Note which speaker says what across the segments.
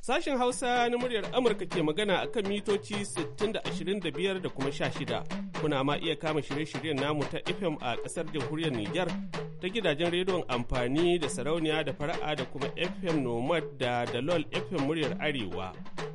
Speaker 1: Sashen Hausa na muryar Amurka ke magana a kan mitoci 60-25 da kuma 16. Kuna ma iya kama shirye-shiryen namu ta FM a ƙasar jamhuriyar Nijar ta gidajen rediyon amfani da sarauniya da fara'a da kuma FM Nomad da Dalol FM muryar Arewa.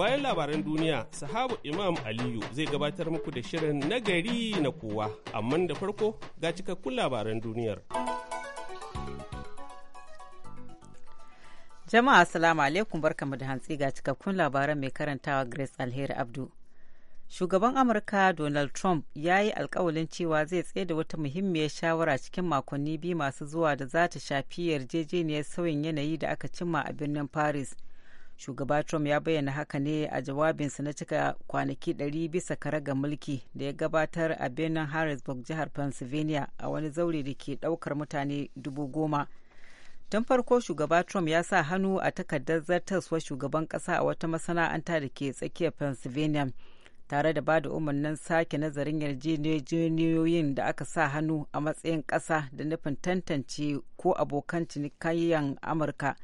Speaker 1: Bayan labaran duniya, sahabu Imam Aliyu zai gabatar muku da shirin nagari na kowa, amma da farko ga cikakkun labaran duniyar. Jama'a Assalamu alaikum barkamu da
Speaker 2: hantsi ga cikakkun labaran mai karantawa Grace Alheri Abdu. Shugaban Amurka Donald Trump ya yi alkawalin cewa zai tsaye da wata muhimmiyar shawara cikin makonni biyu masu zuwa da za ta shafi yarjejeniyar sauyin yanayi da aka cimma a birnin Paris. shugaba trump ya bayyana haka ne a jawabinsa na cika kwanaki 100 bisa kare ga mulki da ya gabatar a birnin harrisburg jihar pennsylvania a wani zaure da ke daukar mutane dubu goma tun farko shugaba trump ya sa hannu a takardar zartaswa shugaban kasa a wata masana'anta da ke tsakiyar pennsylvania tare da ba da umarnin sake nazarin yarjejeniyoyin da aka sa hannu a matsayin kasa da nufin tantance ko abokan cinikayyar amurka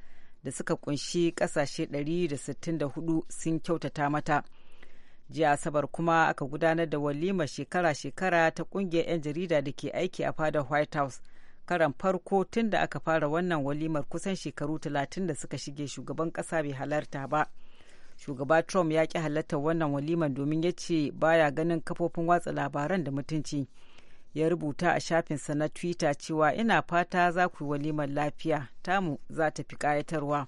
Speaker 2: da suka kunshi kasashe 164 sun kyautata mata jiya asabar kuma aka gudanar da walimar shekara-shekara ta kungiyar 'yan jarida da ke aiki a fadar white house karan farko tun da aka fara wannan walimar kusan shekaru 30 da suka shige shugaban kasa bai halarta ba shugaba trump ya ki halarta wannan walimar domin ya ce baya ganin kafofin watsa labaran da mutunci ya rubuta a shafinsa na twitter cewa ina fata za ku yi walimar lafiya tamu za ta fi ƙayatarwa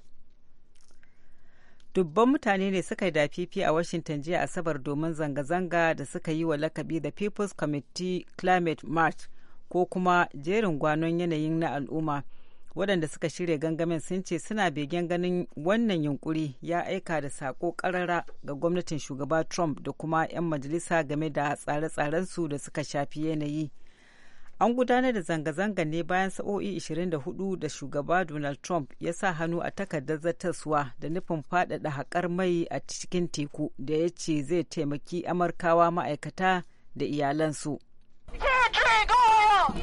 Speaker 2: dubban mutane ne suka yi dafifi a washington jiya asabar domin zanga-zanga da suka yi wa lakabi da people's committee climate march ko kuma jerin gwanon yanayin na al'umma waɗanda suka shirya gangamin sun ce suna begen ganin wannan yunkuri ya aika da sako karara ga gwamnatin shugaba trump da kuma 'yan majalisa game da tsare-tsarensu da suka shafi yanayi an gudanar da zanga-zanga ne bayan sa'o'i 24 da shugaba donald trump ya sa hannu a takardar zartaswa da nufin faɗaɗa haƙar mai a cikin teku da ya ce zai taimaki amurkawa ma'aikata da iyalansu.
Speaker 3: Oh!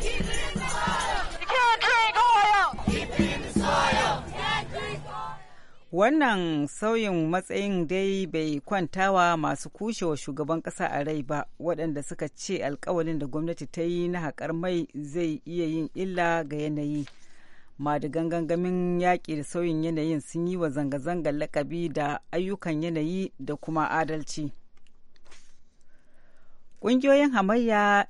Speaker 2: wannan sauyin matsayin dai bai kwantawa masu kushewa shugaban kasa a rai ba waɗanda suka ce alkawalin da gwamnati ta yi na haƙar mai zai iya yin illa ga yanayi madigan gangamin yaƙi da sauyin yanayin sun yi wa zanga zanga lakabi da ayyukan yanayi da kuma adalci ƙungiyoyin hamayya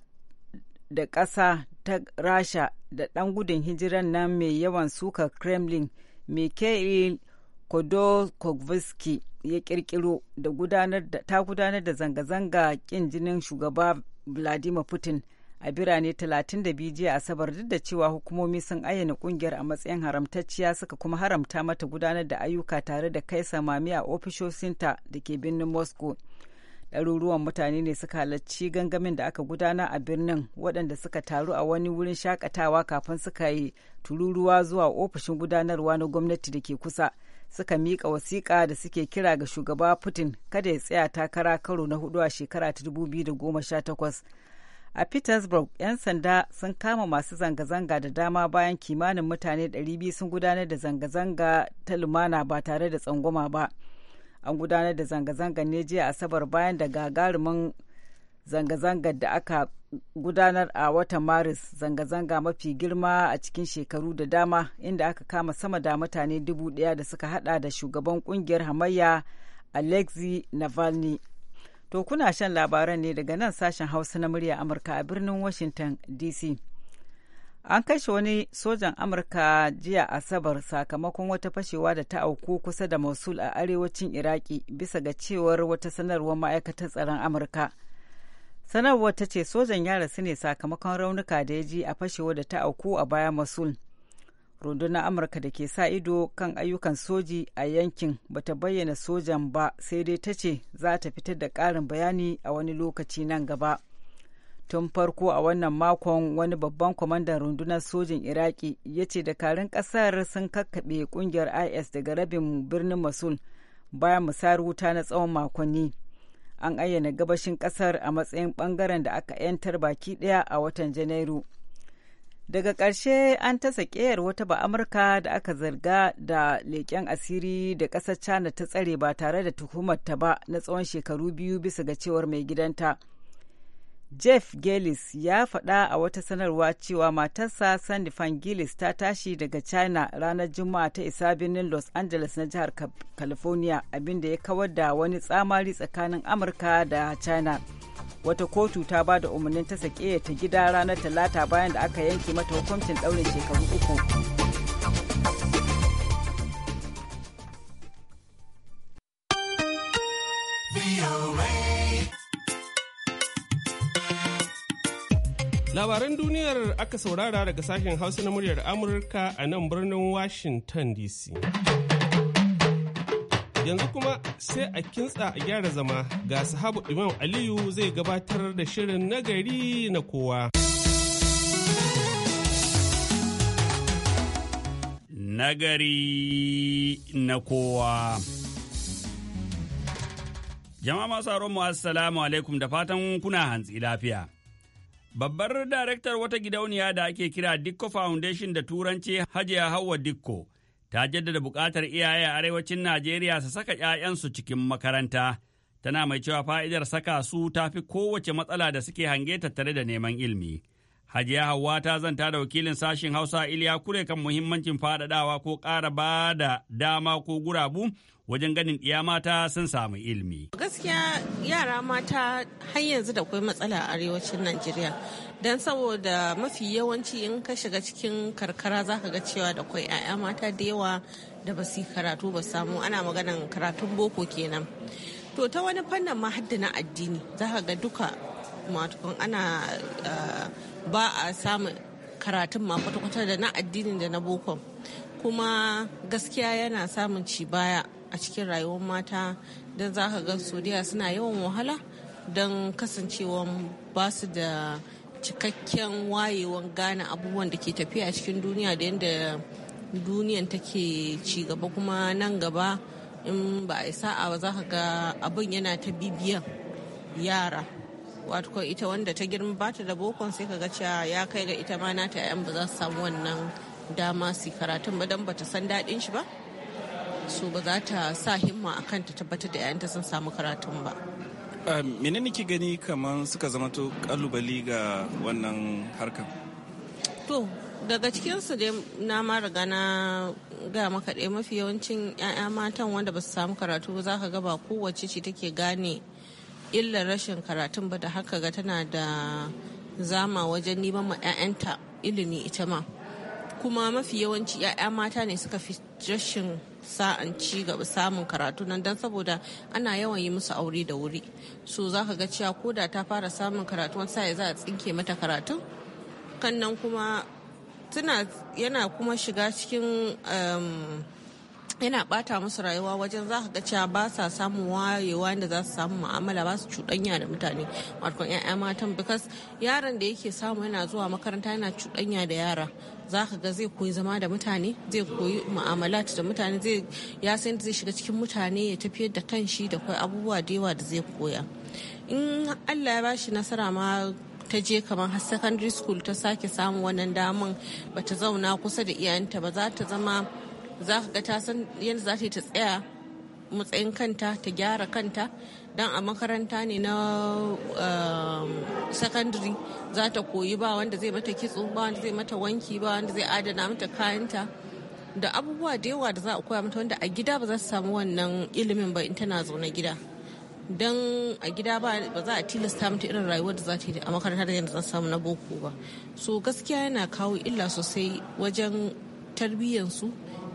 Speaker 2: da ƙasa ta rasha da ɗan gudun hijiran nan mai yawan suka kremlin mikhail Kodorkovsky ya kirkiro da ta gudanar da zanga-zanga kin jinin shugaba Vladimir Putin a birane 32 jiya Asabar duk da cewa hukumomi sun ayyana kungiyar a matsayin haramtacciya suka kuma haramta mata gudanar da ayyuka tare da kai samami a ofishosinta da ke birnin Moscow. ɗaruruwan mutane ne suka halarci gangamin da aka gudana a birnin waɗanda suka taru a wani wurin shakatawa kafin suka yi tururuwa zuwa ofishin gudanarwa na gwamnati da ke kusa suka miƙa wasiƙa da suke kira ga shugaba Putin kada ya tsaya takara karo na hudu a shekara ta dubu da goma sha takwas A Petersburg, 'yan sanda sun kama masu zanga-zanga da dama bayan kimanin mutane 200 sun gudanar da zanga-zanga ta lumana ba tare da tsangwama ba. An gudanar da zanga-zanga ne jiya Asabar bayan da gagarumin zanga zanga da aka gudanar a watan maris zanga-zanga mafi girma a cikin shekaru da dama inda aka kama sama da mutane dubu daya da suka hada da shugaban kungiyar hamayya alexi navalny to kuna shan labaran ne daga nan sashen hausa na murya amurka a birnin washington dc an kashe wani sojan amurka jiya asabar sakamakon wata fashewa da ta auku kusa da mosul a arewacin iraki bisa ga cewar wata sanarwar ma'aikatar tsaron amurka sanarwar ta ce sojan ya rasu ne sakamakon raunuka da ya ji a fashewa da ta auku a baya masul rundunar amurka da ke sa ido kan ayyukan soji a yankin bata bayyana sojan ba sai dai ta ce za ta fitar da ƙarin bayani a wani lokaci nan gaba tun farko a wannan makon wani babban kwamandan rundunar sojin iraki ya ce dakarun ƙasar sun kakkaɓe ƙungiyar is daga rabin birnin masul bayan musayar wuta na tsawon makonni an ayyana gabashin kasar a matsayin bangaren da aka 'yantar baki daya a watan janairu daga ƙarshe an ta sakeyar wata ba amurka da aka zarga da leƙen asiri da ƙasar china ta tsare ba tare da tuhumar ta ba na tsawon shekaru biyu bisa ga cewar mai gidanta. Jeff Gillis ya faɗa a wata sanarwa cewa matarsa Sandy Fan Gillis ta tashi daga China ranar Juma'a ta isa birnin Los Angeles na jihar California abinda ya kawar da wani tsamari tsakanin Amurka da China. Wata kotu ta ba da umarnin ta sake ta gida ranar Talata bayan da aka yanke mata hukuncin ɗaurin shekaru uku.
Speaker 1: Labaran duniyar aka saurara daga sashen Hausa na muryar Amurka a nan birnin Washington DC. Yanzu kuma sai a kintsa a gyara zama ga sahabu Imam Aliyu zai gabatar da shirin
Speaker 4: nagari na kowa. Nagari na kowa. Jama'a masu mu assalamu alaikum da fatan kuna hantsi lafiya. Babbar daraktar wata gidauniya da ake kira Dikko Foundation da Turanci Hajiya Hauwa Dikko ta jaddada buƙatar iyaye a arewacin Najeriya su saka 'ya'yansu cikin makaranta. Tana mai cewa fa'idar saka su tafi kowace matsala da suke hange tattare da neman ilmi. Hajiya Hauwa ta zanta da wakilin sashen Hausa Iliya Kure kan muhimmancin faɗaɗawa ko ƙara ba da dama ko gurabu wajen ganin iya mata sun samu ilimi.
Speaker 5: Gaskiya yara mata har yanzu da kwai matsala a arewacin Najeriya. Don saboda mafi yawanci in ka shiga cikin karkara za ka ga cewa da kwai 'ya'ya mata da yawa da ba su karatu ba samu ana maganan karatun boko kenan. To ta wani fannin ma na addini za ka ga duka matukun ana ah, ba a samun karatun ma kwata-kwata da na addinin da na boko kuma gaskiya yana samun ci baya a cikin rayuwar mata don za ka ga sodiya suna yawan wahala don kasancewa ba su da cikakken wayewan gane abubuwan da ke tafiya a cikin duniya da yadda duniyan take ci gaba kuma nan gaba in ba a yi sa'a ba za ka ga abin yana ta bibiyan yara wato ita wanda ta girma ba ta da bokon sai ka ga cewa ya kai ga ita ma nata yan ba za su samu wannan dama su karatun ba don ba ta san daɗin shi ba su ba za ta sa himma a kanta tabbatar da 'ya'yanta sun samu karatun ba
Speaker 4: mene nake gani kamar suka zama to kalubali ga wannan harkan
Speaker 5: to daga cikinsu dai na ma riga na ga maka ɗaya mafi yawancin 'ya'ya matan wanda ba su samu karatu ba za ka ga ba kowace ce take gane illar rashin karatun ba da haka ga tana da zama wajen neman ma 'ya'yanta ilimi ita ma kuma mafi yawanci 'ya'ya mata ne suka fi rashin sa'an ci gaba samun karatu nan don saboda ana yawan yi musu aure da wuri so za ka ga cewa ko da ta fara samun karatu wani sa'a za a tsinke mata karatu kan nan kuma yana kuma shiga cikin um, yana bata musu rayuwa wajen za ka ga cewa ba sa samun wayewa inda za su samu mu'amala ba su cuɗanya da mutane wato 'ya'ya matan bikas yaron da yake samu yana zuwa makaranta yana cuɗanya da yara za ka ga zai koyi zama da mutane zai koyi mu'amalat da mutane zai ya san zai shiga cikin mutane ya tafiyar da kanshi da kwai abubuwa da yawa da zai koya in allah ya bashi nasara ma ta je kamar har secondary school ta sake samun wannan daman bata zauna kusa da iyayenta ba za ta zama za ka ga ta san yadda za ta yi ta tsaya matsayin kanta ta gyara kanta dan a makaranta ne na um, secondary za ta koyi ba wanda zai mata kitso ba wanda zai mata wanki ba wanda zai adana mata kayanta da abubuwa da yawa da za a koya mata wanda a gida ba za su samu wannan ilimin ba in tana zaune gida don a gida ba za a tilasta mata irin rayuwar da za ta yi a makaranta da yadda za samu na boko ba so gaskiya yana kawo illa sosai wajen tarbiyyar su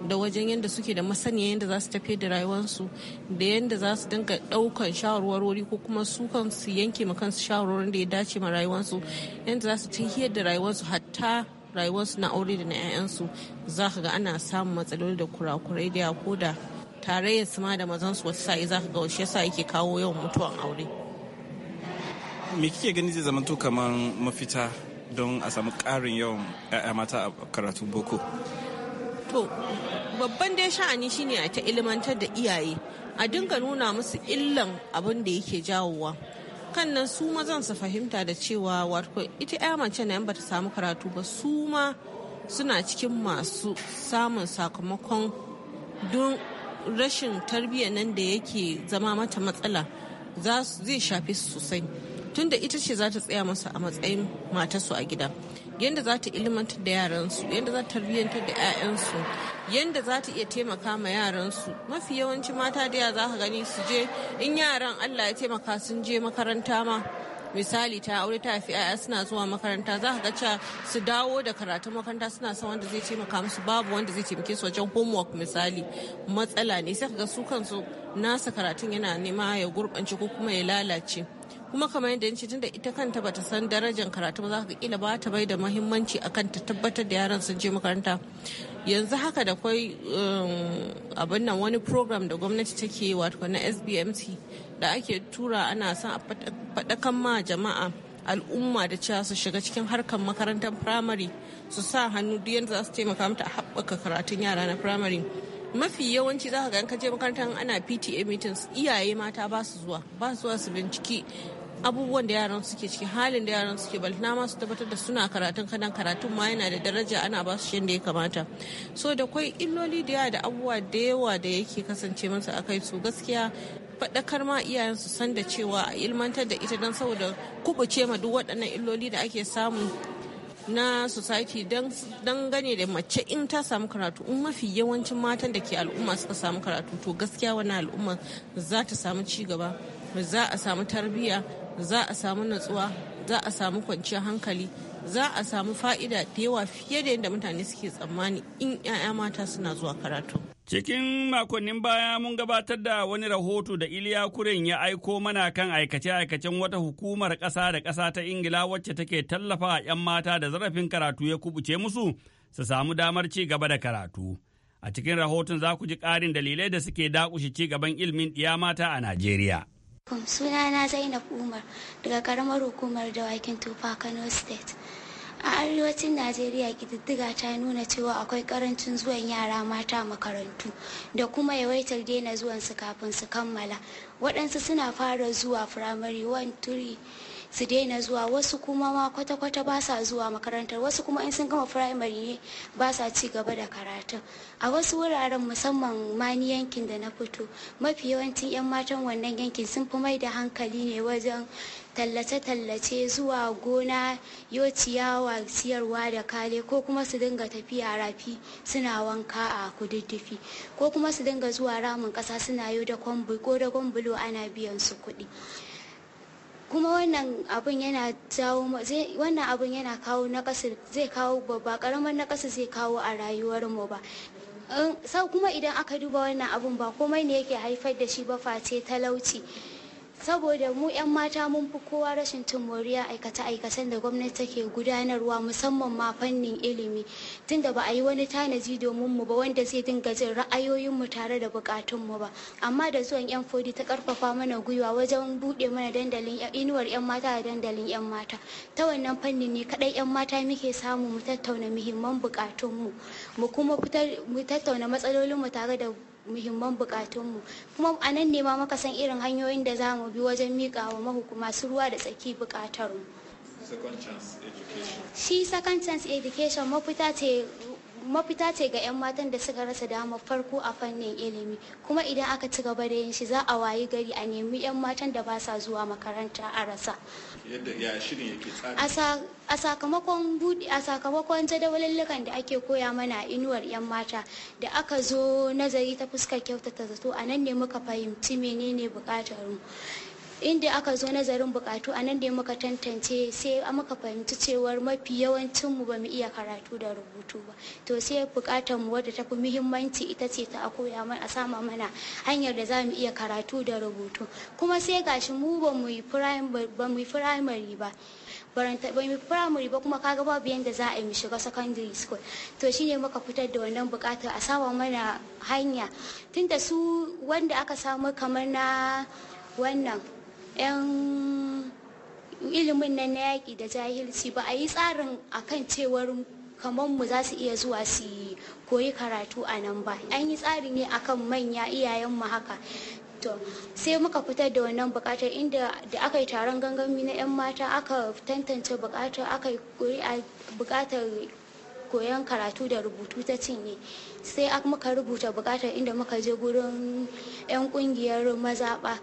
Speaker 5: da wajen yadda suke da masaniya yadda za su tafi da rayuwarsu da yadda za su dinga ɗaukan shawarwarori ko kuma su kansu yanke ma kansu shawarwarin da ya dace ma rayuwarsu yadda za su tahiyar da rayuwarsu hatta rayuwarsu na aure da na 'ya'yansu za ka ga ana samun matsaloli da kurakurai da ko da tarayyar su ma da su wasu sa'i za ka ga wasu yasa yake kawo yawan mutuwan aure.
Speaker 1: me kike gani zai zamanto kamar mafita don a samu ƙarin yawan 'ya'ya mata a karatun boko
Speaker 5: to babban dai sha'ani shine a ta ilimantar da iyaye a dinga nuna musu illan abin da yake jawowa kan nan su mazan su fahimta da cewa wato ita 'ya mace na ba ta samu karatu ba su ma suna cikin masu samun sakamakon don rashin tarbiyya nan da yake zama mata matsala zai shafe su sosai tunda ita ce za ta tsaya masa a matsayin matarsu a gida yadda za ta ilmantar da yaransu yadda za ta tarbiyyantar da 'ya'yansu yadda za ta iya taimaka ma yaransu mafi yawanci mata da za ka gani su je in yaran allah ya taimaka sun je makaranta ma misali ta aure ta haifi 'ya'ya suna zuwa makaranta za ka su dawo da karatun makaranta suna son wanda zai taimaka musu babu wanda zai taimake su wajen homework misali matsala ne sai ka ga su kansu nasa karatun yana nema ya gurɓance ko kuma ya lalace kuma kamar yadda yanci tunda ita kanta bata san darajar karatu ba za ka kila ba ta bai da muhimmanci akan ta tabbatar da yaran sun je makaranta yanzu haka da kwai um, abin nan wani program da gwamnati take wato na sbmc da ake tura ana son a faɗakan ma jama'a al'umma da cewa su shiga cikin harkar makarantar firamare su sa hannu duk yadda za su taimaka mata a haɓaka karatun yara na firamare mafi yawanci za ka ga ka je makarantar ana pta meetings iyaye mata ba su zuwa ba su zuwa su binciki abubuwan da yaran suke ciki halin da yaran suke bal na su tabbatar da suna karatun kanan karatun ma yana da daraja ana ba su da ya kamata so da kwai illoli da yawa da abubuwa da yawa da yake kasance masa kai su gaskiya faɗakar ma iyayen su san da cewa a ilmantar da ita don saboda kubuce ma duk waɗannan illoli da ake samu na society don gane da mace in ta samu karatu in mafi yawancin matan da ke al'umma suka samu karatu to gaskiya wani al'umma za ta samu ci gaba za a samu tarbiyya za a samu natsuwa za a samu kwanciyar hankali za a samu fa'ida da yawa fiye da yadda mutane suke tsammani
Speaker 4: in 'ya'ya mata suna zuwa karatu. Cikin makonnin baya mun gabatar da wani rahoto da Iliya Kuren ya aiko mana kan aikace-aikacen wata hukumar ƙasa da ƙasa ta Ingila wacce take tallafa 'yan mata da zarafin karatu ya kubuce musu su samu damar ci gaba da karatu. A cikin rahoton za ku ji ƙarin dalilai da suke dakushe ci gaban ilimin ɗiya mata a Najeriya.
Speaker 3: Suna na Zainab Umar daga karamar hukumar dawakin Tufa Kano State. A arewacin Najeriya ƙididdiga ta nuna cewa akwai karancin zuwan yara mata makarantu da kuma yawaitar daina zuwansu kafin su kammala. Waɗansu suna fara zuwa firamare 1 su daina zuwa wasu kuma ma kwata-kwata ba sa zuwa makarantar wasu kuma in sun gama firamare ne ba sa ci gaba da karatu a wasu wuraren musamman mani yankin da na fito mafi yawancin 'yan matan wannan yankin sun fi mai da hankali ne wajen tallace-tallace zuwa gona yo ciyawa siyarwa da kale ko kuma su dinga tafiya rafi suna wanka a kududdufi ko kuma su dinga zuwa ramin kasa suna yau da kwambu ko da kwambulo ana biyan su kuɗi kuma wannan abun yana jawo wannan abin yana kawo nakasa zai kawo babba karamar nakasa zai kawo a rayuwar mu ba sau kuma idan aka duba wannan abun ba komai ne yake haifar da shi ba face talauci saboda mu 'yan mata mun fi kowa rashin cin moriya aikace-aikacen da gwamnati take gudanarwa musamman ma fannin ilimi tunda ba a yi wani tanaji domin mu ba wanda zai dinga jin ra'ayoyinmu tare da bukatunmu ba amma da zuwan 'yan fodi ta karfafa mana gwiwa wajen bude mana dandalin inuwar 'yan mata da dandalin 'yan mata ta wannan fannin ne kaɗai 'yan mata muke samu mu tattauna muhimman bukatunmu mu kuma mu tattauna matsalolinmu tare da muhimman bukatunmu kuma a nan ne ma muka san irin hanyoyin da za mu bi wajen miƙa wa mahukuma su ruwa da tsaki bukatarmu.
Speaker 1: Second chance education.
Speaker 3: Shi second chance education mafita ce mafita ce ga 'yan matan da suka rasa dama farko a fannin ilimi kuma idan aka ci gaba da yin shi za a wayi gari a nemi 'yan matan da ba sa zuwa makaranta a rasa a sakamakon budi a sakamakon jadawalin da ake koya mana inuwar 'yan mata da aka zo nazari ta fuskar kyautata zato a nan ne muka fahimci menene bukatar mu inda aka zo nazarin bukatu a nan da muka tantance sai muka fahimci cewar mafi yawancin mu bamu iya karatu da rubutu ba to sai bukatar mu wadda tafi muhimmanci ita ce ta koya mana a sama mana hanyar da zamu iya karatu da rubutu kuma sai gashi mu bamu yi primary ba baranta mu primary ba kuma kaga babu yanda za a yi mu shiga secondary school to shine muka fitar da wannan bukatar a sama mana hanya tunda su wanda aka samu kamar na wannan 'yan ilimin nan na yaƙi da jahilci ba a yi tsarin akan cewar kamar mu za su iya zuwa su koyi karatu a nan ba an yi tsari ne akan manya iyayen mu haka to sai muka fitar da wannan bukatar inda da aka yi taron gangami na 'yan mata aka tantance bukatar aka yi bukatar koyon karatu da rubutu ta cinye sai muka rubuta bukatar inda muka je gurin 'yan kungiyar mazaɓa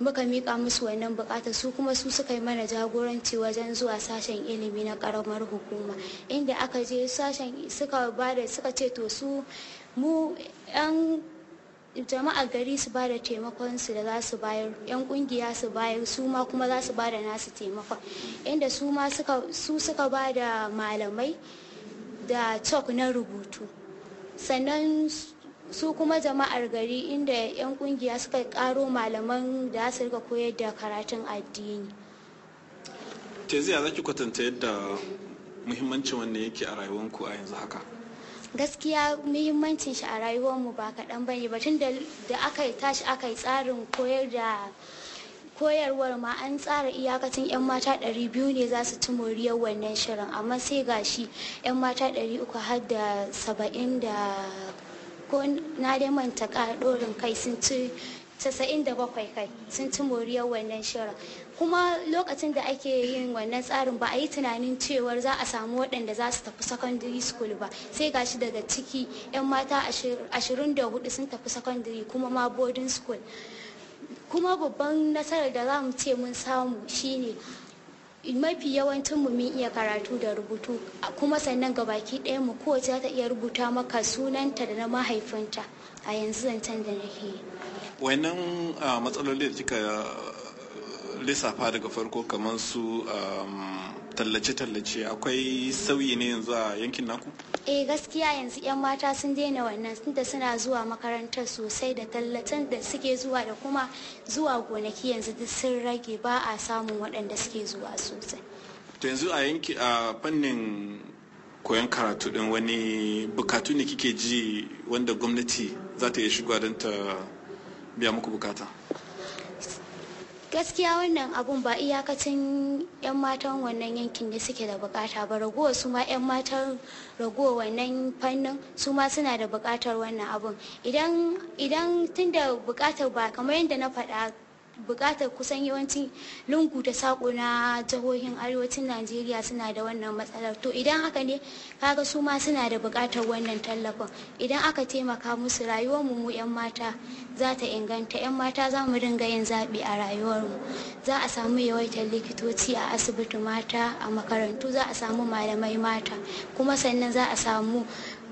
Speaker 3: muka mika musu wannan bukata su kuma su suka yi mana jagoranci wajen zuwa sashen ilimi na karamar hukuma inda aka je sashen suka bada suka ce to su mu yan jama'a gari su bada taimakon su da za su bayar yan kungiya su bayar su ma kuma za su bada nasu taimakon inda su ma su suka bada malamai da chalk na rubutu sannan su kuma jama'ar gari inda 'yan kungiya suka karo malaman da su rika koyar da karatun addini
Speaker 1: teziya za ki kwatanta yadda muhimmancin wannan yake a rayuwanku a yanzu haka
Speaker 3: gaskiya muhimmancin shi a rayuwarmu ba kaɗan ba ne batun da aka tashi aka yi tsarin koyar da koyarwar ma an tsara iyakacin 'yan mata 200 ne za su ci moriyar wannan shirin amma sai gashi 'yan mata 300 har da 70 da ko na dai manta ƙara kai sun ci 97 kai sun ci moriyar wannan shirin kuma lokacin da ake yin wannan tsarin ba a yi tunanin cewar za a samu waɗanda za su tafi secondary school ba sai gashi daga ciki 'yan mata 24 sun tafi secondary kuma ma boarding school kuma babban nasarar da za mu ce mun samu shine mafi yawancin mu mun iya karatu da rubutu kuma sannan gabaki ɗaya mu kowace ta iya rubuta maka sunanta da na mahaifinta a yanzu zancen da nake
Speaker 1: wannan matsaloli da kika lissafa daga farko kamar su tallace-tallace akwai sauyi ne yanzu a yankin naku?
Speaker 3: Eh gaskiya yanzu 'yan mata sun daina wannan tunda suna zuwa makarantar sosai da tallatan da suke zuwa da kuma zuwa gonaki yanzu duk sun rage ba a samun waɗanda suke zuwa sosai.
Speaker 1: To yanzu a yanki a fannin koyon karatu din wani bukatu ne kike ji wanda gwamnati za ta iya shigo don ta biya muku bukata?
Speaker 3: gaskiya wannan abun ba iyakacin 'yan matan wannan yankin ne suke da bukata ba raguwa su ma 'yan matan raguwa wannan fannin su ma suna da bukatar wannan abun idan tun da bukatar ba kamar yadda na faɗa bukatar kusan yawancin lungu da sako na jihohin arewacin najeriya suna da wannan matsalar to idan haka ne kaga su ma suna da bukatar wannan tallafin idan aka taimaka musu rayuwarmu mu 'yan mata za ta inganta 'yan mata za mu dinga yin zaɓi a rayuwarmu za a samu yawaitar likitoci a asibiti mata a makarantu za a samu malamai mata kuma sannan za a samu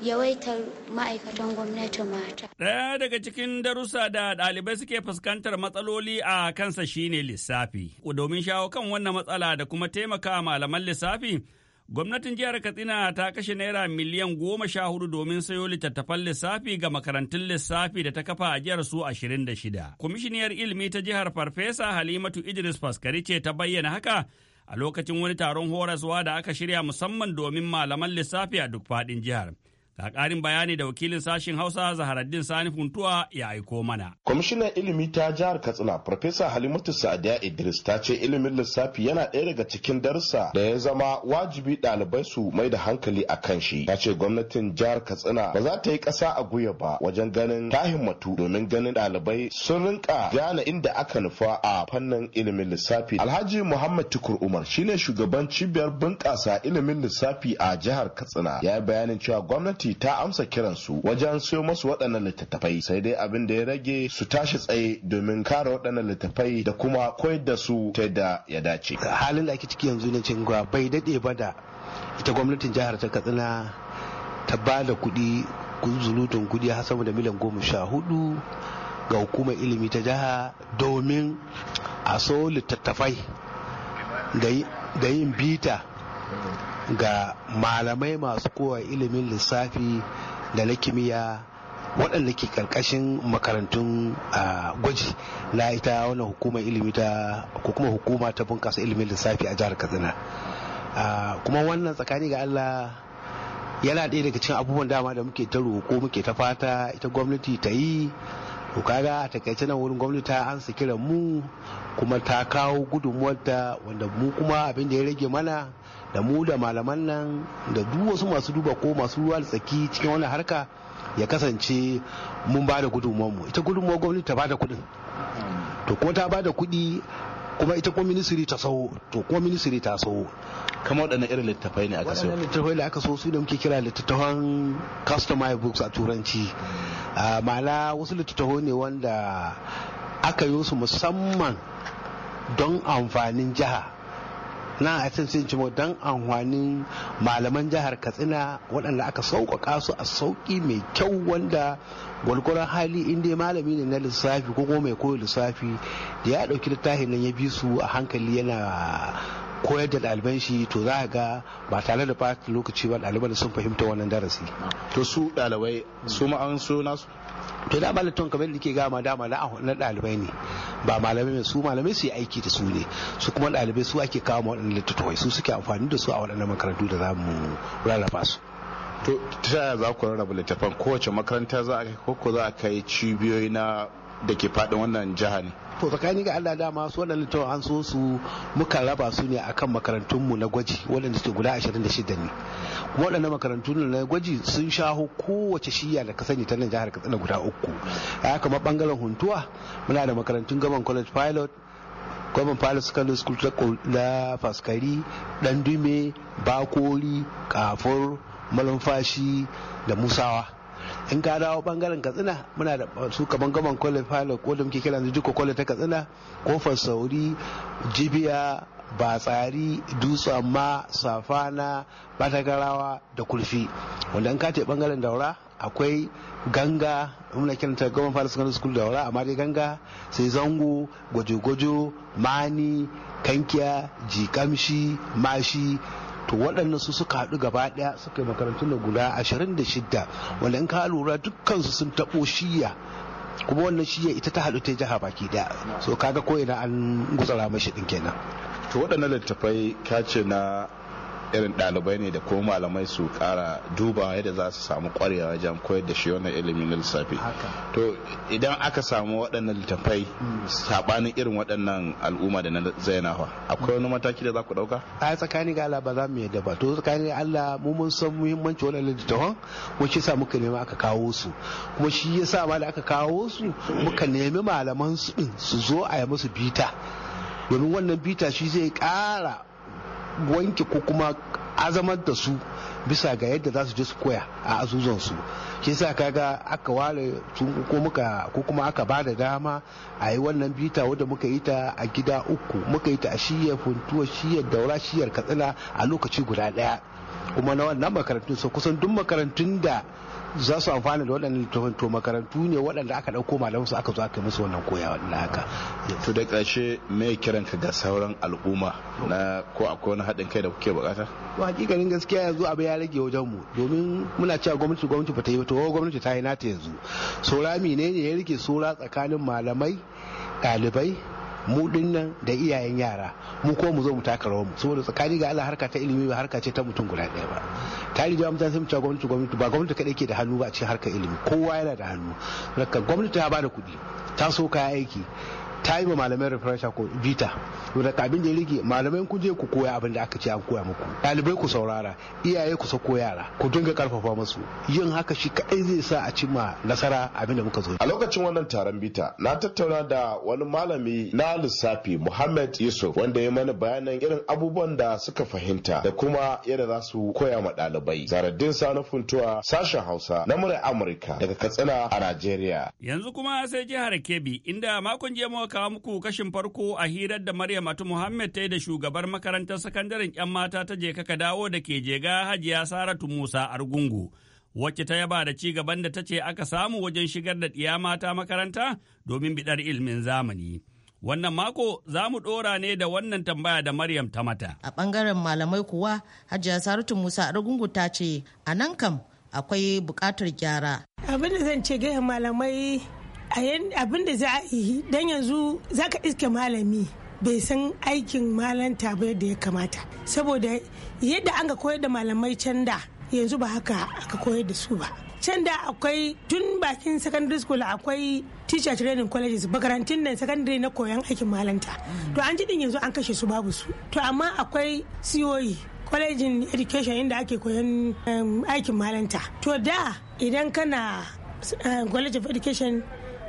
Speaker 3: yawaitar ma'aikatan gwamnati mata.
Speaker 4: Ɗaya daga cikin darussa da ɗalibai suke fuskantar matsaloli a kansa shine lissafi. Domin shawo kan wannan matsala da kuma taimaka malaman lissafi, gwamnatin jihar Katsina ta kashe naira miliyan goma sha hudu domin sayo littattafan lissafi ga makarantun lissafi da ta kafa a jihar su ashirin da shida. Kwamishiniyar ilimi ta jihar Farfesa Halimatu Idris Faskari ce ta bayyana haka a lokacin wani taron horaswa da aka shirya musamman domin malaman lissafi a duk faɗin jihar. Ga ƙarin bayani da wakilin sashen Hausa Zaharaddin Sani Funtuwa ya aiko mana.
Speaker 6: Kwamishinan ilimi ta jihar Katsina Farfesa Halimatu Sa'adiya Idris ta ce ilimin lissafi yana ɗaya daga cikin darussa da ya zama wajibi ɗalibai su mai da hankali a kan shi. Ta ce gwamnatin jihar Katsina ba za ta yi ƙasa a guya ba wajen ganin ta himmatu domin ganin ɗalibai sun rinka gane inda aka nufa a fannin ilimin lissafi. Alhaji Muhammad Tukur Umar shine shugaban cibiyar bunƙasa ilimin lissafi a jihar Katsina ya yi bayanin cewa gwamnati ta amsa kiransu wajen siyo masu waɗannan littattafai sai dai abin da ya rage su tashi tsaye domin kare waɗannan littattafai da kuma koyar da su ta yadda ya dace.
Speaker 7: halin da ake ciki yanzu na cin bai daɗe ba da ita gwamnatin jihar ta katsina ta ba da kuɗi zulutun kuɗi har sama da miliyan goma sha hudu ga hukumar ilimi ta jiha domin a so littattafai da yin bita ga malamai masu kowa ilimin lissafi da na kimiyya waɗanda ke karkashin makarantun gwaji na ita wannan hukumar ilimi ta ko kuma hukuma ta bunkasa ilimin lissafi a jihar katsina kuma wannan tsakani ga allah yana ɗaya daga cikin abubuwan dama da muke ta roƙo muke ta fata ita gwamnati ta yi kaga a takaice nan wurin gwamnati ta ansa kiran mu kuma ta kawo ta wanda mu kuma abin da ya rage mana da mu da malaman nan da duk wasu masu duba ko masu ruwa da tsaki cikin wannan harka ya kasance mun ba da mu ita gudunmuwar gwamnati ta ba da kudin to kuma ta ba da kuɗi kuma ita kuma ministry ta sau to kuma ministry ta sau kamar waɗannan irin littattafai ne aka so waɗannan littattafai da aka so su da muke kira littattafan customer books a turanci ah, mala wasu littattafai ne wanda aka yi su musamman don amfanin jiha na a cin cimo don amfanin malaman jihar katsina waɗanda aka sauƙaƙa su a sauƙi mai kyau wanda gwalgwaron hali inda malami ne na lissafi ko kuma mai koyo lissafi da ya ɗauki littafin nan ya bi su a hankali yana koyar da ɗaliban shi to za a ga ba tare da fata lokaci ba ɗaliban sun fahimta wannan darasi to su ɗalibai su ma an so nasu to da malatun kamar da ke gama dama na na ɗalibai ne ba malamai su malamai su yi aiki da su ne su kuma ɗalibai su ake kawo waɗannan littattafai su suke amfani da su a waɗannan makarantu da za mu rarraba su to ta yaya za ku rarraba
Speaker 6: littattafan kowace makaranta za a kai ko za a kai cibiyoyi na da ke faɗin wannan jiha
Speaker 7: ne to tsakani ga Allah dama su wannan littafin an so su muka raba su ne akan makarantunmu na gwaji waɗanda suke guda 26 ne Wadannan makarantun na gwaji sun shaho kowace shiya da ka sani ta nan jihar Katsina guda uku a kamar bangaren huntuwa muna da makarantun gaban college pilot gwamnan palace secondary school na faskari dandume bakori kafur malumfashi da musawa in ka dawo bangaren katsina muna da su kaman gaban kwale falo ko da muke kira yanzu duka kwallon ta katsina kofar sauri jibiya batsari dutsu amma safana batagarawa da kulfi wanda in ka bangaren daura akwai ganga muna ta gaban falo secondary school daura amma dai ganga sai zango gwajo-gwajo mani kankiya jikamshi mashi to waɗannan su suka haɗu gaba ɗaya suka yi makarantun da guda 26 wanda in ka lura dukkansu sun taɓo shiya kuma wannan shiya ita ta haɗu ta jiha baki ɗaya so kaga ko ina an gutsara mashi ɗin kenan
Speaker 6: to waɗannan littattafai ka ce na irin ɗalibai ne da ko malamai su kara duba yadda za su samu ƙwarewa wajen koyar da shi wannan ilimin lissafi to idan aka samu waɗannan littafai mm. saɓanin irin waɗannan al'umma da na zainawa akwai wani mataki da za ku ɗauka
Speaker 7: a tsakani ga ba za mu yadda ba to tsakani Allah mu mun san muhimmanci wannan littafan mu shi sa muka nemi aka kawo su kuma shi ya sa ma da aka kawo su muka nemi malaman su din su zo a yi musu bita domin wannan bita shi zai ƙara wanke ko kuma azamar da su bisa ga yadda za su je su koya a azuzansu shi sa kaga aka ware ko muka ko kuma aka ba da dama a yi wannan bita wadda muka yi ta a gida uku muka yi ta a shiyar funtuwa shiyar daura shiyar katsina a lokaci guda daya kuma na wannan makarantun so kusan duk makarantun da za su amfana da waɗannan littafin to makarantu ne waɗanda aka ɗauko malamu su aka zo aka musu wannan koyawa na haka. to da ƙarshe me kiran ka ga sauran al'umma na ko akwai wani haɗin kai
Speaker 6: da kuke buƙata.
Speaker 7: to hakikanin gaskiya yanzu abu ya rage wajen mu domin muna cewa gwamnati gwamnati ba ta yi ba to gwamnati ta yi nata yanzu sora ne ne ya rike sora tsakanin malamai ɗalibai mu dinnan da iyayen yara mu ko mu zo mu taka rawar mu saboda tsakani ga Allah harka ta ilimi ba harka ce ta mutum guda ɗaya ba tari da mutane sun cewa gwamnati gwamnati ba gwamnati kadai ke da hannu ba a cikin harkar ilimi kowa yana da hannu gwamnati ta bada kuɗi ta so kaya aiki ta yi ma malamai refresher ko bita da abin da ya rige malamai ku je ku koya abin da aka ce an koya muku Dalibai ku saurara iyaye ku sako yara ku dinga karfafa musu yin haka shi kaɗai zai sa a cimma nasara abin da muka zo a lokacin wannan taron bita
Speaker 6: na tattauna da wani malami na lissafi Muhammad Yusuf wanda ya mana bayanan irin abubuwan da suka fahimta da kuma yadda za su koya ma ɗalibai zaradin sani funtuwa sashen Hausa na murar Amurka daga Katsina a Najeriya
Speaker 4: yanzu kuma sai jihar Kebbi inda makon jiya kawo muku kashin farko a hirar da Maryam Atu Muhammad ta yi da shugabar makarantar sakandaren 'yan mata ta je kaka dawo da ke jega Hajiya Saratu Musa Argungu. Wacce ta yaba da ci gaban da ta ce aka samu wajen shigar da ɗiya mata makaranta domin bidar ilimin zamani. Wannan mako za mu ɗora ne da wannan tambaya da Maryam ta mata. A
Speaker 5: ɓangaren
Speaker 8: malamai kuwa Hajiya Saratu Musa Argungu ta ce a nan kam akwai buƙatar gyara. Abin da zan ce gaya malamai abin da za a yi dan yanzu za ka iske malami bai san aikin malanta ba yadda ya kamata saboda yadda an ga koyar da malamai can da yanzu ba haka aka koyar da su ba can da akwai tun bakin secondary school akwai teacher training colleges bakarantun nan secondary na koyon aikin malanta to an ji yanzu an kashe su babu su to amma akwai siyoyi kwalejin e, education inda ake koyan um, aikin malanta to da idan kana um, college of education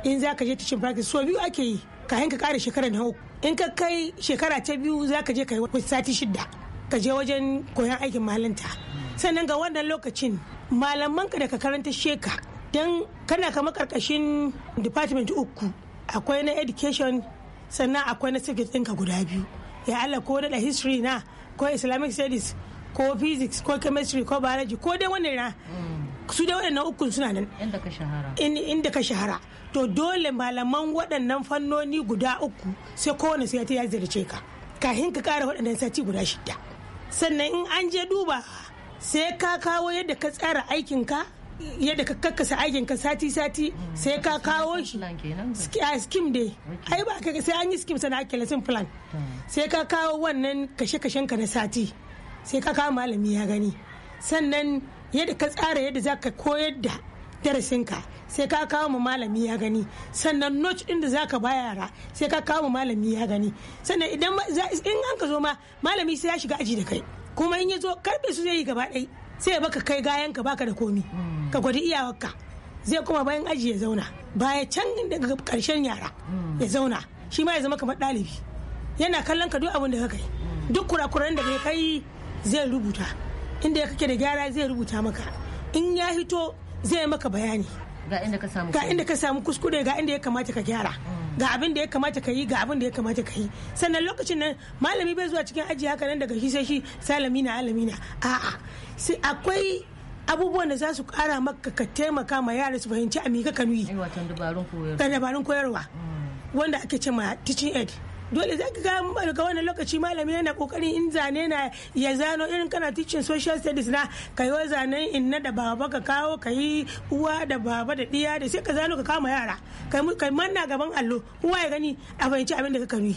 Speaker 8: in za ka je teaching practice so biyu ake yi kayan ka kare shekara na uku in ka kai shekara ta biyu za ka je ka yi sati shida ka je wajen koyon aikin malinta sannan ga wannan lokacin malamanka da ka karanta sheka don kana kama karkashin department uku akwai na education sannan akwai na ɗin ɗinka guda biyu ya Allah ko da history na ko islamic studies ko physics ko chemistry ko biology ko dai wani na su da waɗannan ukun suna nan inda ka shahara inda ka shahara to dole malaman waɗannan fannoni guda uku sai kowane sai ya ziyarce ka kahin ka ƙara waɗannan sati guda shida sannan in an je duba sai ka kawo yadda ka tsara aikin ka yadda ka kakkasa aikin ka sati sati sai ka kawo shi a skim dai ai ba ka sai an yi skim sana ake lesson plan hmm. sai ka kawo wannan kashe kashen ka na sati sai ka kawo malami ya gani sannan yadda ka tsara yadda za ka koyar da darasinka sai ka kawo mu malami ya gani sannan notch din da zaka ba yara sai ka kawo mu malami ya gani sannan idan in an ka zo ma malami sai ya shiga aji da kai kuma in ya zo karfe su zai yi gaba ɗai sai baka kai gayan ka baka da komi ka gwada iyawarka zai kuma bayan aji ya zauna baya can daga karshen yara ya zauna shi ma ya zama kamar ɗalibi yana kallon ka duk abin da ka kai duk kurakuran da kai zai rubuta inda ya kake da gyara zai rubuta maka in ya hito zai maka bayani ga inda ka samu kuskure ga inda ya kamata ka gyara ga abin da ya kamata ka yi ga abin da ya kamata ka yi sannan lokacin nan malami bai zuwa cikin aji haka nan daga shi sai shi salamina alamina a'a sai akwai abubuwan da za su kara maka ka taimaka ma yara su fahimci a mika kanuyi dabarun koyarwa mm. wanda ake ce ma teaching aid dole zaka ga ga wani lokaci malami yana kokarin in zane na ya zano irin kana teaching social studies na ka yi zanen na da baba ka kawo ka uwa da baba da diya da sai ka zano ka kama yara kai manna gaban allo uwa ya gani a fahimci abin da ka yi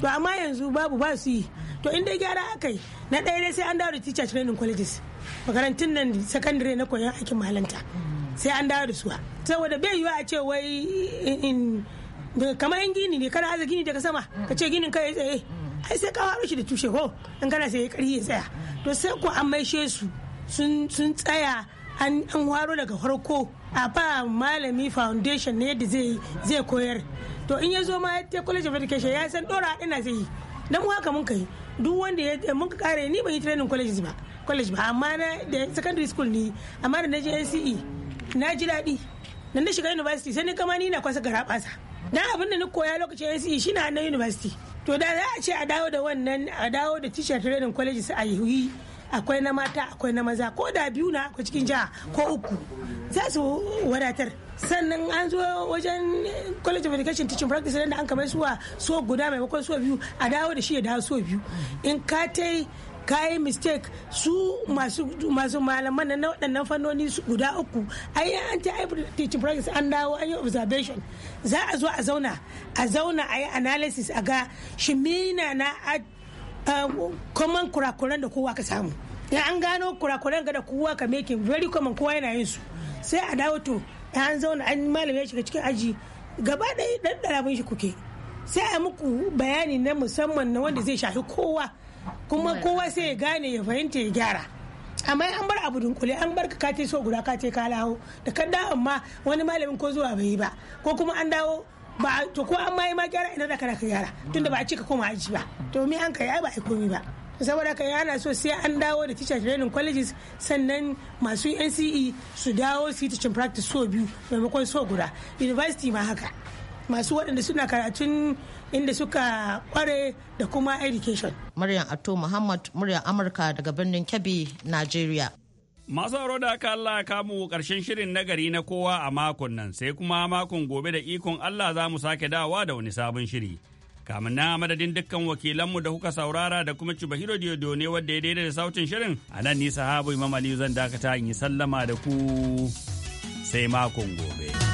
Speaker 8: to amma yanzu babu ba su yi to in dai gyara akayi na ɗaya dai sai an dawo da teacher training colleges makarantun nan sakandare na koyon aikin malanta sai an dawo da suwa saboda bai yiwa a ce wai in kamar yan gini ne kana aza gini daga sama ka ce ginin kai tsaye ai sai ka haro shi da tushe ko in kana sai karhi ya tsaya to sai ko an maishe su sun tsaya an haro daga farko a ba malami foundation ne yadda zai koyar to in ya zo ma ta college of education ya san dora ina zai yi dan haka mun kai duk wanda ya mun kare ni ban yi training college ba college ba amma na da secondary school ni amma na je NCE na ji daɗi nan na shiga university sai ni kama ni na kwasa garabasa dan abin da na koya lokacin ACE shi na na university to da za a ce a dawo da wannan a dawo da teacher training su a yi akwai na mata akwai na maza ko da biyu na akwai cikin jiha ko uku za su wadatar sannan an zo wajen college of education teaching practice da an kamar suwa so guda maimakon so biyu a dawo da shi ya dawo so biyu in ka tai ka yi mistake su masu malaman na waɗannan fannoni guda uku ai an ta teaching practice an dawo an yi observation za a zo a zauna a zauna a yi analysis a ga shimina na common kurakuran da kowa ka samu ya an gano kurakuran ga da kowa ka making very common kowa yana yin su sai a dawo to an zauna an malami ya shiga cikin aji gaba ɗaya ɗan ɗarabin shi kuke sai a muku bayani na musamman na wanda zai shafi kowa kuma kowa sai ya gane ya fahimta ya gyara amma an bar abu dunkule an bar ka so guda ka ce ka lawo da kan dawo amma wani malamin ko zuwa bai yi ba ko kuma an dawo ba to ko an ma ma gyara ina da kana ka gyara tunda ba a cika ka koma aji ba to me an kai yi ba a komi ba saboda ka yana so sai an dawo da teacher training colleges sannan masu NCE su dawo su yi teaching practice so biyu maimakon so guda university ma haka masu waɗanda suna karatun inda suka kware da kuma education. Maryam Ato Muhammad muryar Amurka daga birnin Kebbi, Najeriya.
Speaker 4: Masu haro da aka Allah kamu ƙarshen shirin nagari na kowa a makon nan sai kuma makon gobe da ikon Allah za mu sake dawa da wani sabon shiri. kamun na madadin dukkan wakilanmu da kuka saurara da kuma Cibahiro Diodo ne wadda ya daidai da sautin shirin a nan ni habu Imam zan dakata in yi sallama da ku sai makon gobe.